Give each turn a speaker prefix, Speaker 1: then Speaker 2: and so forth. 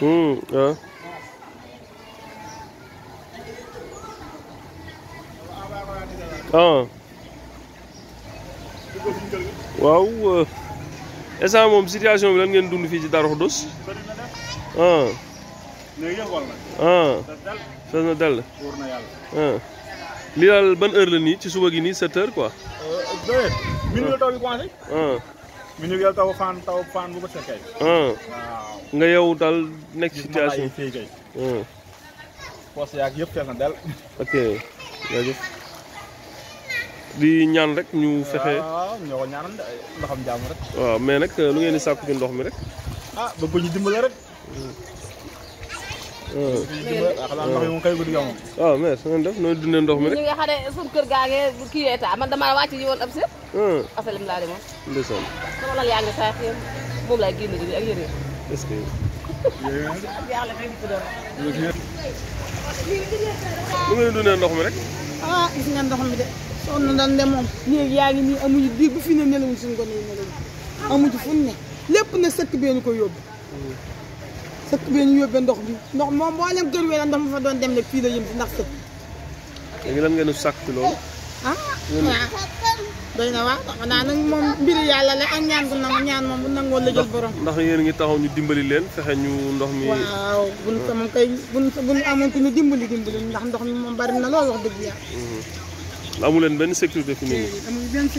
Speaker 1: Hı, ha. ah. waaw eh, moom situation bi lan ngeen dund fii ci Darou Khoudoss. ah. ah. fees na dell. Ah. daal ban heure la nii ci suba gi nii sept heures quoi. Euh, ah. Miniguel taw fan taw fan bu ko fekkee. Hmm. nga yow daal nekk situation fii kay. Hmm. yëpp fees na del. ñaan rek ñu fexe.
Speaker 2: waaw ñoo ko ñaanal ndoxam jàmm rek.
Speaker 1: waaw mais nag lu euh, ngeen di sàkku ci ndox mi rek. ah bëgg ñu dimbale rek. Hmm. waaw ah, mais su ngeen def nooy a ndox mi rek. ñi nga xam ndox mi rek.
Speaker 2: ah gis nga ndox mi de sonn nañ de moom. néeg yaa ngi nii amuñu di bu fi ne nelawuñ suñu gone yi nelawuñ amuñu fu ne lépp ne sëkk bee ko yóbbu. Hmm. sëkk bee ñu yóbbee ndox mi ndox moom boo leen kër mu fa doon dem ne fii la yëm si ndax sëkk.
Speaker 1: léegi lan ngeen di sàkk loolu.
Speaker 2: ah doy na waaw xanaa nag moom mbiri yàlla la ak ñaan nangoo la jël borom.
Speaker 1: ndax yéen ngi taxaw ñu dimbali leen fexe ñu ndox mi. waaw buñ ko moom
Speaker 2: kay buñ buñ amoon ñu dimbali dimbali ndax ndox mi moom bari na lool wax dëgg yàlla.
Speaker 1: Mhm. amu leen benn sécurité fi mu
Speaker 2: ne.